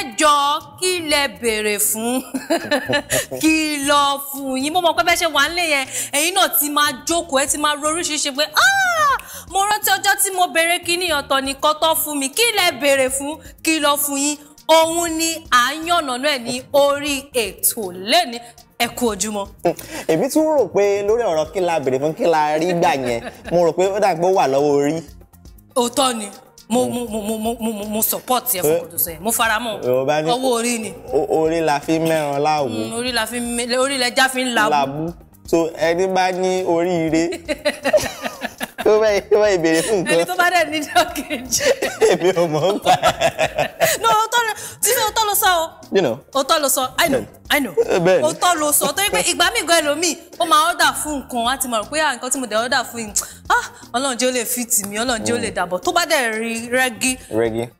ẹ jọ kí lẹ béèrè fún kí lọ fún yín mo mọ pé bẹ ṣe wà nílé yẹn ẹ̀yin náà ti máa jókòó ẹ ti máa roríṣiríṣi pé ah! mo rántí ọjọ́ tí mo béèrè kíní ọ̀tọ̀ nìkan tó fún mi kí lẹ béèrè fún kí lọ fún yín òun ni à ń yànnà náà ní orí ètò lẹ́ni ẹ kú ojúmọ́. èmi tún rò pé lórí ọ̀rọ̀ kí la béèrè fún kí la rí gbà yẹn mo rò pé ó dàgbé wà lọ́wọ́ orí. òótọ́ ni mo mo mo mo mo mo support yẹ fún Kudusi mo fara mọ́ ọwọ́ orí ni. orí la fi mẹ́ran láwo. Mm, orí la fi orí lẹja fi ń làbú. làbú so ẹni bá ní oríire. tó báyìí tó báyìí béèrè fún nǹkan. ẹni tó bá dẹ̀ níjọ́ kejì. èmi no òótọ́ ló ti fi òótọ́ ló sọ o. i know i know òótọ́ ló sọ torí pé ìgbà míì gan ẹlòmíì ó máa ọ́dà fún nǹkan á ti mọ̀ ah ọlọ́run jẹ́ ó lè fit mi ọlọ́run jẹ́ ó lè mm. dàbọ̀ tó bá dẹ̀ rí rẹ́gí.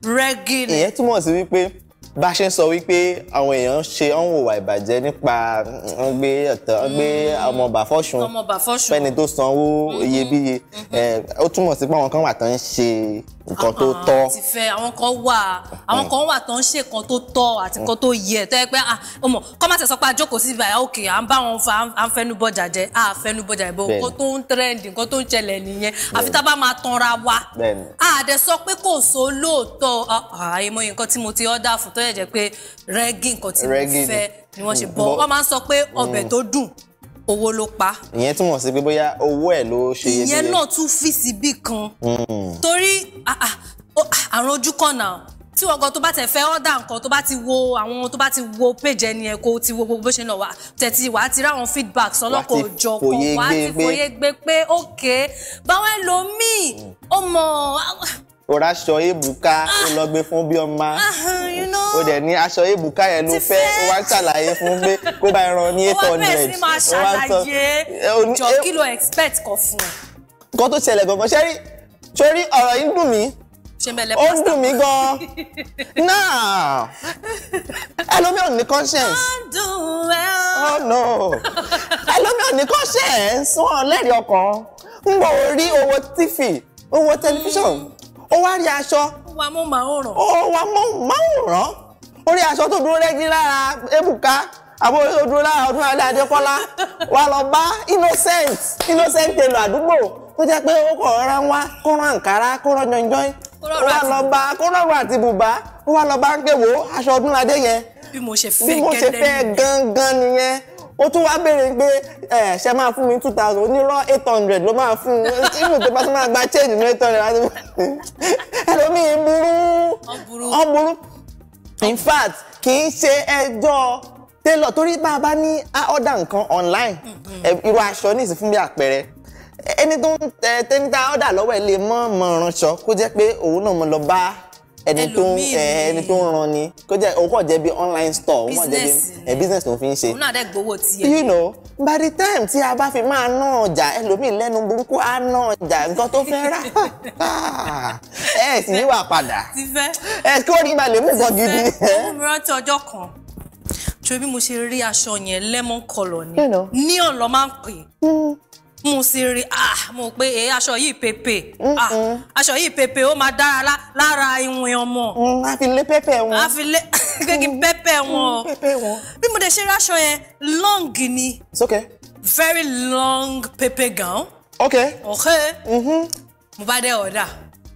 rẹ́gí bá ṣe ń sọ wípé àwọn èèyàn ṣe ń hùwà ìbàjẹ́ nípa ń gbé ọ̀tọ̀ ń gbé hmm. ọmọ bàfọ́sùn fẹ́ni tó sanwó hmm. iyebíye hmm. Eh, ó túmọ̀ sí pé àwọn kan wà tán ń ṣe nǹkan tó ah, ah, tọ́. ti fẹ́ àwọn kan wà àwọn kan wà tó ń ṣe nǹkan tó tọ́ àti nǹkan tó yẹ tó yẹ pé ah ọmọ kọ́ máa tẹ̀sọ́ pé àjókòó sí ibà òkè à ń bá wọn fa à ń fẹnu bọ́jà jẹ à ń fẹnu bọ́jà jẹ bó nǹkan tó ń tẹ́rẹ̀ǹdì nǹkan tó ń ṣẹlẹ̀ nìyẹn àfi tá a bá máa tanra wa. àdẹ sọ pé kò so lóòótọ́ àìmọye nǹkan tí mo ti ọ́dà fún tó yẹ jẹ́ pé rẹ́gì nǹkan tí mo fẹ́ ni wọ́n ṣe bọ́ wọ́n máa ń sọ pé ọbẹ̀ mm. tó dùn owó ló pa. ìyẹn túmọ̀ sí pé bóyá owó ẹ̀ ló ṣe iye bíi. ìyẹn náà tún fi sí bí kan. Hmm. torí ah, ah, ah, àrùn ojú kan náà tí wọn gan tó bá tẹ fẹ́ ọdà nǹkan tó bá ti wo àwọn tó bá ti wo page ẹni ẹ kó ti wo gbogbo bó ṣe náà wà tẹtí wàá ti ráwọn feedback sọlọpọ òjọ kan wàá ti fòye gbé pé ókè báwọn ẹlòmíì ó mọ o ra aṣọ èbùká o lọ gbé fún bí ọmọ o dẹ̀ ní aṣọ èbùká yẹn ló fẹ́ o wá ń ṣàlàyé fún pé kó bá ẹran ní eight hundred o wá ń sọ jọ kí expect kan fún ẹ. nǹkan tó ṣẹlẹ̀ gangan ṣẹ́rí ṣorí ọ̀rọ̀ yìí ń dùn mí ó ń dùn mí gan-an oh, náà ẹlòmíì ní conscience oh no ẹlòmíì ò ní conscience wọn lẹ́rìí ọkàn ń gbọ́ orí owó tífì owó tẹlifíṣàn mm ó wá rí aṣọ. ó wà mọ́ màwòrán. ó wà mọ́ màwòrán. ó rí aṣọ tó dúró rẹ́gí lára Ebuka àbúrò tó dúró lára ọdún adé Adékọ́lá wà lọ bá innocent innocent tèlò àdúgbò tó jẹ́ pé ó kọ̀ rárá wá kó rán àǹkárá kó rán jọjọ́n ó wá lọ bá kó rọrùn àti bùbá ó wá lọ bá ń pè wò aṣọ ọdún adé yẹn bí mo ṣe fẹ́ gangan nìyẹn ó tún wá béèrè pé ẹ ṣe máa fún mi two thousand onírọ́ eight hundred ló máa fún un ibi tó bá tún máa gba change ní eight hundred láti ẹlòmíì burú ọ burú in fact kì í ṣe ẹjọ́ tailor torí bá a bá ní order nǹkan online mm-hmm. irú aṣọ ní ìsìn fún bí àpẹẹrẹ ẹni tó ń tẹ́ ní tá order lọ́wọ́ ẹ lè mọ̀ mọ̀ ránṣọ kó jẹ́ pé òun náà mo lọ bá ẹni tó ń ẹni tó ń ran ni kó jẹ́ òun kàn jẹ́ bí online store òun kàn jẹ́ bí business tó fi ń ṣe. òun náà dẹ́ gbowó tiẹ̀. you know by the time tí a bá fi máa ná ọjà ẹlòmíì lẹ́nu burúkú á ná ọjà nǹkan tó fẹ́ rà ẹ sì yíwà padà ẹ kí wọ́n ní balẹ̀ mú gan gidi. ó mú mi rántí ọjọ́ kan torí bí mo ṣe rí aṣọ yẹn lemon colour ni neon ló máa ń pè é. Hmm mo sì rí ah mo pé ẹ eh, aṣọ yìí pépè ah aṣọ yìí pépè ó máa dára lára ìwìn ọmọ. Mm, a fi lé pépè wọn. a fi lé kékeré pépè mm, wọn. pépè wọn. bí mo dẹ̀ ṣe rí aṣọ yẹn long ni. it's okay. very long pépè gown. okay. okay. Mm-hmm. mo bá dé ọ̀dà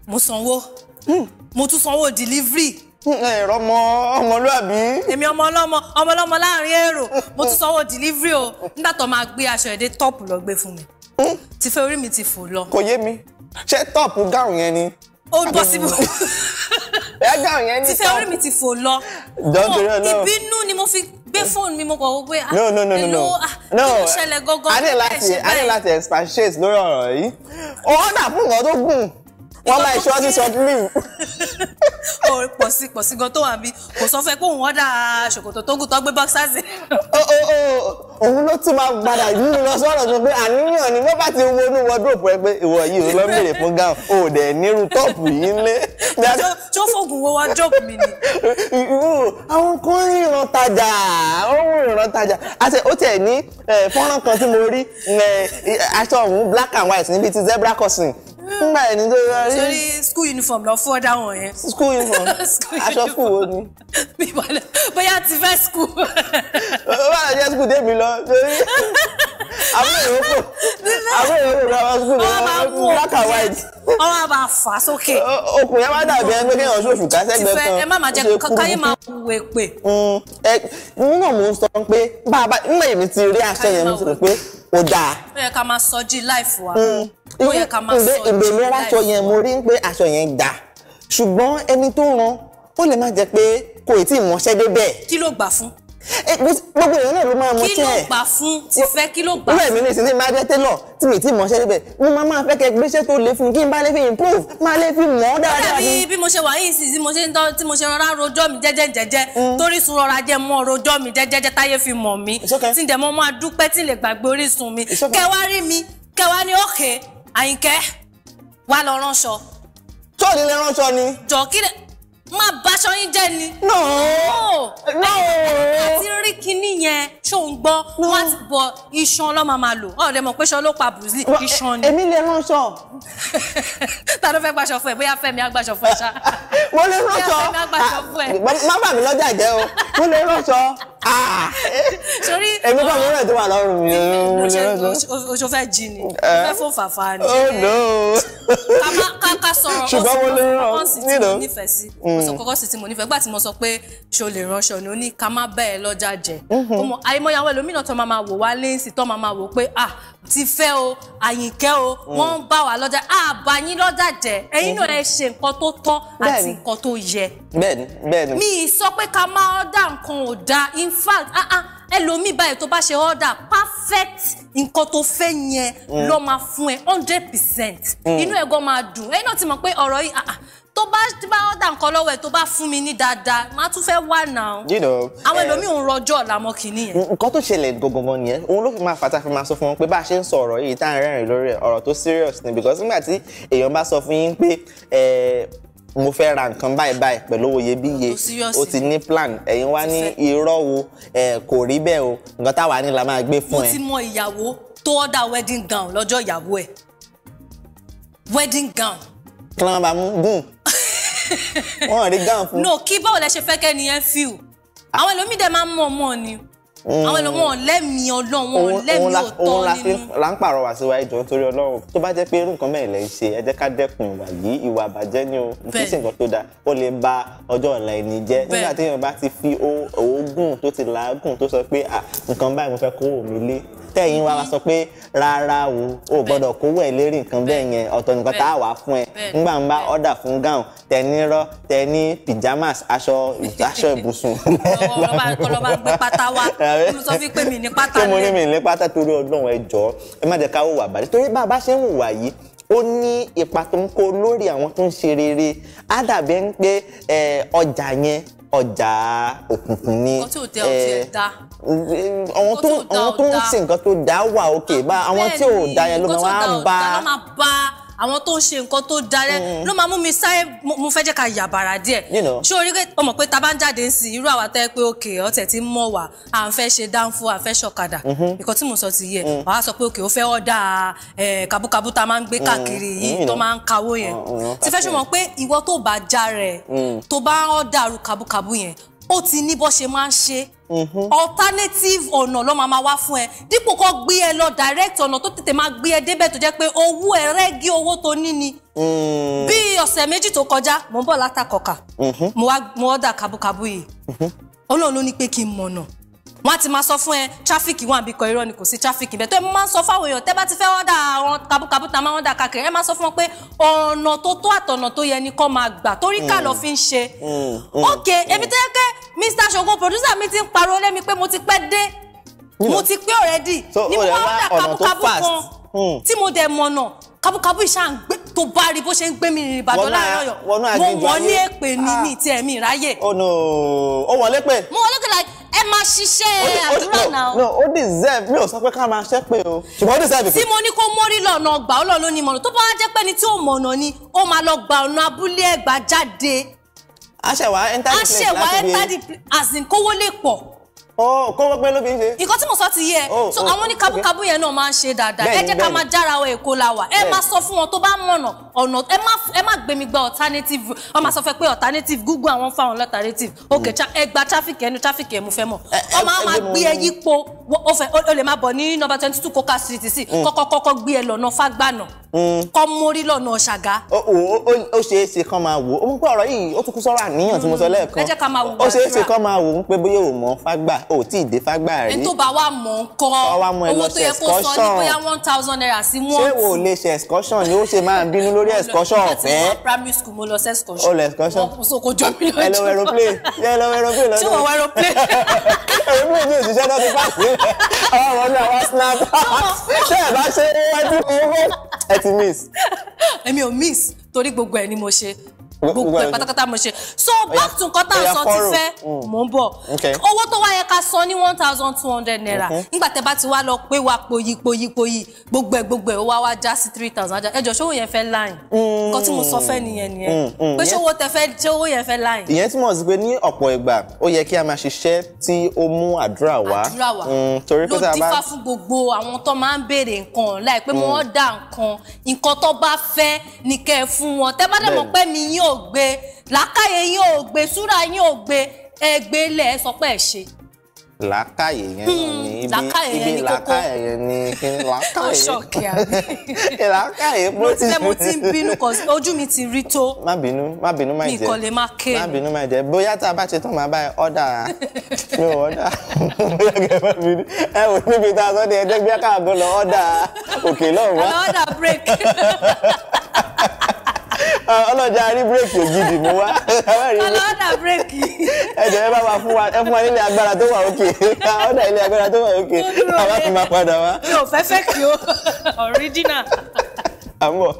mo sanwó mm. mo tún sanwó delivery ẹ̀rọ eh, ọmọ ọmọlúàbí. èmi ọmọ ọlọ́mọ ọmọ ọlọ́mọ láàrin èrò mo tún sanwó delivery o nígbà tó máa gbé aṣọ ẹ̀dẹ́ tọ́pù lọ gbé fún mi. Hmm? ti fẹ́ orí mi ti fò lọ. kò yé mi ṣé tọ́ọ̀pù gáàrùn yẹn ni. ó ń bọ́ síbò. ẹ gáàrùn yẹn ni tọ́ọ̀pù. ti fẹ́ orí mi ti fò lọ. jọ́ntorí oh, ọlọ́run ìbínú ni mo fi gbé fóònù mi mo kọ̀ wọ́n pé. Ah, no no no no no ah, no ṣẹlẹ̀ gọ́gọ́ ẹ ṣe báyìí. a ní láti expatiate lórí ọ̀rọ̀ yìí. ó dà fún nǹkan tó gùn wọ́n máa ṣọ́ sí sublim. o pọ̀ sí pọ̀ sí gan tó wà bí kò sọ fẹ́ kóun ọ̀dà ṣòkòtò tó gùn tó gbé bọ́ksásì. o o o òun ló tún máa padà yí lọ sọ̀rọ̀ tó pé àníyàn ni wọ́n bá ti wọnú wọ́dúrópù ẹ ìwọ yìí ò lọ bèrè fún gáwọn ò dẹ̀ nírú tọ́ọ̀pù yìí ńlẹ̀. tó fògùn wo wá mi ni. àwọn kan rí ìran tajà òun ìran tajà àti ó tiẹ̀ ní fọ́nrán kan tí mo rí aṣọ òun black and white níbi ti zebra crossing nígbà yẹn ni tó yọ rí. sori school uniform lọ fún ọdá wọn yẹn. school uniform aṣọ school wo ni. mi wà lọ bóyá ti fẹ́ school. ó bá lọ jẹ́ school débi lọ torí àwọn èrò kò àwọn èrò school. lọ́wọ́ school black and white. wọ́n máa bá a fà sókè. okùn yẹn máa dàbí ẹni pé kéèyàn ṣòfò ká sẹ́gbẹ̀ẹ́ kan. ẹ má máa jẹ káyé máa wù mm. ẹ pé. nínú mò ń sọ pé bá a bá nígbà yìí mi ti rí aṣọ yẹn mo ti pé ó dáa. ó yẹ ká máa sọ jí láìfù wa. Mm. ó yẹ ká máa sọ jí láìfù wa. ìgbèmíra aṣọ yẹn mo rí pé aṣọ yẹn dà ṣùgbọ́n ẹni tó rán ó lè má jẹ́ pé kò tí ì mọṣẹ́ débẹ̀. kí ló gbà fún. Eh, gbogbo èèyàn náà ló máa mọ tẹ́ ẹ̀ kí ló gbà fún ti fẹ́ kí ló gbà fún. lẹ́ẹ̀mí nìsín ní máa jẹ́ télọ̀ tí mi ti mọ̀ ṣẹ́ níbẹ̀ mo máa máa fẹ́ kẹ́ gbéṣẹ́ tó le fún kí n bá lè fi improve máa lè fi mọ̀ ọ́ dáadáa. ó dàbí bí mo ṣe wà yìí sí tí mo ṣe ń tọ́ tí mo ṣe rọra rojọ́ mi jẹ́jẹ́ jẹ́jẹ́ mm. torí sun rọra jẹ́ mọ́ rojọ́ mi jẹ́jẹ́ táyé fi mọ̀ mi tí n dẹ̀ mọ́ máa dúpẹ́ tí n lè gbàgbé orísun mi kẹwàá rí mi kẹwàá ní òkè Àyìnkẹ́ wà lọ ránṣọ. tó o ní lè ránṣọ ni. jọ kí máa baṣọ yín jẹ́ ni. no no àti rí kinní yẹn ṣó ń gbọ́ wọ́n ti bọ iṣan ọlọ́mọ máa lò ọ̀rẹ́ mọ̀ pé ṣan ló pa Bruce Lee iṣan ni. èmi lè ránṣọ. ta ló fẹ́ gbaṣọ fún ẹ bóyá Fẹ́mi á gbaṣọ fún ẹ ṣá. mo lè ránṣọ má bà mí lọ́jà jẹ́ o mo lè ránṣọ. Ah. sori èmi kọ́ mi rẹ̀ tó wà lọ́rùn mi. oṣù fẹ́ jí ni eh. fẹ́ fò fàfà ni. Oh, ká sọ̀rọ̀ ọ̀sán ọ̀sán nífẹ̀ẹ́ sí. Mm mo sọ kọ́kọ́ sí tí mo nífẹ̀ẹ́ gbà tí mo sọ pé ṣo lè ránṣọ ni ó ní ká má bẹ́ẹ̀ lọ́jà jẹ́ ọmọ àìmọye àwọn ẹlòmíràn tó máa wò wá lẹ́sìn tó máa wò pé ah ti fẹ́ o àyìnkẹ́ o wọ́n ń bá wa lọ́jà àbá yín lọ́jà jẹ́ ẹ̀yin náà ẹ ṣe nǹkan tó tọ́ àti nǹkan tó yẹ. bẹ́ẹ̀ni bẹ́ẹ̀ni. mi sọ pé ká má ọ́dà nǹkan ò dáa in fact ah ah ẹlòmíì báyìí tó bá ṣe ọ́dà perfect nǹkan tó fẹ́ yẹn ló máa fún ẹ hundred percent inú ẹ̀ gan máa dùn ẹ̀yin náà ti mọ̀ pé ọ̀rọ̀ yìí ah, ah tó bá tí bá ọ̀dà nǹkan lọ́wọ́ ẹ̀ tó bá fún mi ní dáadáa máa tún fẹ́ wà náà. you know àwọn eh, ẹlòmíì ń rọjọ́ làmọ́ kìíní yẹn. nǹkan tó ṣẹlẹ̀ gangan nìyẹn òun ló fi máa fàtà fi máa sọ fún wọn pé bá a ṣe ń sọ ọ̀rọ̀ yìí tá à ń rẹ́rìn lórí ọ̀rọ̀ tó serious ni because nígbà tí èèyàn bá sọ fún yín pé mo fẹ́ ra nǹkan báyìí báyìí pẹ̀lú owó iyebíye o ti ní plan ẹ̀yin wá ní irọ́ wo kò rí bẹ́ẹ̀ o nǹkan táwa ní la máa gbé fún ẹ. mo ti mọ ìyàwó tó ọ̀dà wedding gown lọ́jọ́ ìyàwó ẹ̀ wedding gown kí ló máa mú gùn wọn rí gàn fún. no kí báwo lẹ ṣe fẹ́ kẹ́ ni ẹ fi o àwọn ẹlòmíì dẹ máa ń mọ ọmọ ni àwọn ẹlòmíì lẹ́mìí ọlọ́run wọn lẹ́mìí nínú. òun la ń pàrọwà sí wa ìjọ nítorí ọlọ́run tó bá jẹ́ pé irú nǹkan mẹ́rin lẹ́ ń ṣe ẹ jẹ́ ká dẹ́kun ìwà yìí ìwà àbàjẹ́ ni o kìí ṣe nǹkan tó dáa ó lè ba ọjọ́ ọ̀la ẹni jẹ́ nígbà tí èèyàn bá ti fi oògùn tó ti làágùn tó sọ pé nǹkan báyìí mo fẹ́ kówó tẹ̀yìn wa wa sọ pé rárá o ò gbọ́dọ̀ kówó ẹ̀ lérí nǹkan bẹ́ẹ̀ yẹn ọ̀tọ̀ nǹkan tá a wà fún ẹ ńgbà ń bá ọ̀dà fún gown tẹ̀ní rọ́ tẹ̀ní pyjamas aṣọ aṣọ ìbùsùn. ọlọ́ba gbé pátá wa mo sọ fí pé mi ní pátá rẹ. kí mo ní mi ní pátá ó ní ipa tó ń kó lórí àwọn tó ń ṣe rere á dàbí ń pé ọjà yẹn ọjà òkùnkùn ni eh, àwọn tó ń ṣe nǹkan tó dá wà òkè bá àwọn tí ò dá yẹn ló máa bá àwọn tó ń ṣe nǹkan tó darẹ mm. ló máa mú mi sáré mo fẹ́ jẹ́ ká yà bàrà díẹ̀ ṣé orí ọmọ pé ta bá ń jáde sí irú àwa tẹ́ pé òkè ọ̀tẹ̀ tí ń mọ̀ wá à ń fẹ́ ṣe dánfó à ń fẹ́ ṣọ̀kadà mm-hmm. nǹkan tí mo sọ ti yẹ mm. wàá sọ pé òkè ó fẹ́ ọ̀dà kàbúkàbú ta máa ń gbé mm. káàkiri yìí tó máa ń kawó yẹn ti fẹ́ ṣe mọ̀ pé ìwọ tó bá já rẹ̀ tó bá ọ̀dà rú yẹn ó ti ní bó ṣe máa ń ṣe mhm. alternative ọ̀nà ló máa wá fún ẹ dípò kó gbé ẹ lọ direct ọ̀nà tó tètè máa gbé ẹ débẹ̀ tó jẹ́ pé owó ẹ rẹ́gí owó tó ní ni mm. bí ọ̀sẹ̀ méjì tó kọjá mo ń bọ̀ látàkọ̀kà mhm. mo wá mo ọ̀dà yìí mhm. ọlọ́run ló ní pé kí n mọ̀nà wọ́n á ti máa sọ fún ẹ tráfíkì wà bíkọ irọ́ ni kò sí tráfíkì bẹ́ẹ̀ tó ẹ máa sọ fáwọn èèyàn tẹ́ bá ti fẹ́ wọ́dà àwọn kabúkabú tá a máa wọ́dà káàkiri ẹ máa sọ fún wọn pé ọ̀nà tó tó àtọ̀nà tó yẹ ni kọ́ máa gbà torí ká lọ fi ń ṣe. Mm, mm, mm. ok èmi tó yẹ pé Mr. Ṣògo producer mi ti ń pariwo lé mi pé mo ti pẹ́ dé mo ti pé already ni mo wá wọ́dà kabúkabú kan tí mo dẹ̀ mọ̀nà kabúkabú ìṣá ń gbé tó bá rí bó ṣe ń gbé mi rìn ìbàdàn láàárọ̀ yọ mo wọ́n ní ní mi tí ẹ̀mí ráyè. Oh, ó wọlé pé. mo wọlé pé like ẹ máa ṣiṣẹ́ àdúrà náà. no ó deserve mi ò sọ pé ká máa ṣẹ́ pé o ṣùgbọ́n ó deserve. tí mo ní kó mórí lọ́nà ọgbà ó lọ ló ní mọ̀nà tó bá wá jẹ́ pé ni tí ò mọ̀nà ni ó máa lọ gba ọ̀nà abúlé ẹgbàá jáde. aṣẹ̀wá enter the place láti bí aṣẹ̀wá enter the place as in kówó lè pọ̀ ọ kó wọ́n pé ló fi ń ṣe. nǹkan tí mo sọ ti yé ẹ oh, so oh, àwọn ní kábúkábú yẹn náà máa ń ṣe dáadáa ẹ jẹ́ ká máa jára ọ èkó la wà ẹ máa sọ fún wọn tó bá mọ̀nà ọ̀nà ẹ má gbé mi gba alternative ọ máa sọ fẹ́ pé alternative google àwọn fáwọn alternative ok hmm. ẹ gba traffic ẹnu traffic ẹ mo fẹ́ mọ̀ ọ máa máa gbé ẹ yípo ó fẹ́ ó lè máa bọ̀ ní nọ́mbà twenty two coca street sí kọ́kọ́kọ́kọ́ mm. gbé ẹ lọ́nà fágbànà mm. kọ́ mórí lọ́nà ṣàgá. ó ṣe é ṣe kán máa wò ó mọ̀ pé ọ̀rọ̀ yìí ó tún kú sọ́rọ̀ àníyàn tí mo sọ mm. lẹ́ẹ̀kan ẹ jẹ́ ká máa wò ó ṣe é ṣe kán máa wò ó pé bóyá ò mọ̀ fágbà ò tí ì dé fágbà rí. ẹni tó bá wà mọ̀ ń kọ́ owó tó yẹ kó sọ ní bóyá one thousand naira sí one. ṣé wo lè ṣe excursion ni ó ṣe máa bínú lórí excursion ọ̀fẹ́. primary school mo lọ sí excursion. ó lọ excursion. mo sọ kò jọ mi lọ jù. ẹ lọ aeroplane. ẹ lọ aeroplane lọ àwọn ọmọ náà wá snap ṣé ẹ bá ṣe é ẹ ti miss. èmi ò miss torí gbogbo ẹ ni mo ṣe gbogbo ẹ̀ pátákátá mo ṣe so back to nǹkan tá à ń sọ ti fẹ́ mò mm. ń bọ̀ owó tó wá yẹ ká san ní one thousand two hundred naira nígbà tẹ́ bá ti wá lọ pé wa poyi poyi poyi gbogbo ẹ̀ gbogbo ẹ̀ ó wá wá já sí three thousand ẹ jọ ṣé owó yẹn fẹ́ láyìn mm. nǹkan tí mo sọ fẹ́ nìyẹn nìyẹn mm, pé ṣé owó tẹ́ fẹ́ ṣé owó yẹn fẹ́ láyìn. ìyẹn túmọ̀ sí pé ní ọ̀pọ̀ ìgbà ó yẹ kí a máa ṣiṣẹ́ tí ó mú àdúrà wá torí pé tá a bá ló dífá fún gbogbo àwọn tó máa ń béèrè nǹkan láì pé wọ́n dá nǹkan nǹkan tó bá fẹ́ ni kẹ́ ẹ fún wọn tẹ́ bá dẹ̀ mọ̀ pé mi yín ò ò gbé làákàyè yín ò gbé súrà yín ò gbé ẹgbẹ́ ilẹ̀ sọ pé ẹ ṣe. làákàyè yẹn ni ibi hmm, ibi làákàyè yẹn ni làákàyè. ó ṣọ̀kì àbí. làákàyè bó ti. mo ti ń bínú kọ ojú mi ti rí tó. má bínú má bínú má jẹ nìkan lè má ké. má bínú má jẹ bóyá tá a bá ṣe tán màá bá ẹ ọ́dà mi ò ọ́dà bóyá kẹ má bínú ẹ wò níbi tá a sọ ní ẹjẹ gbé káàbọ̀ lọ ọ́dà òkè lọ́wọ́. àlọ́ ọ́dà break. Ah, ọlọ́jà rí bírèkì ògidì mú wá. ọlọ́dà bírèkì. ẹ̀jẹ̀ ẹ bá wa fún wa ẹ fún wa nílé agbára tó wà òkè ọ̀dà ilé agbára tó wà òkè àwa tún máa padà wá. mi ò fẹ́ fẹ́ kí o original. àmọ́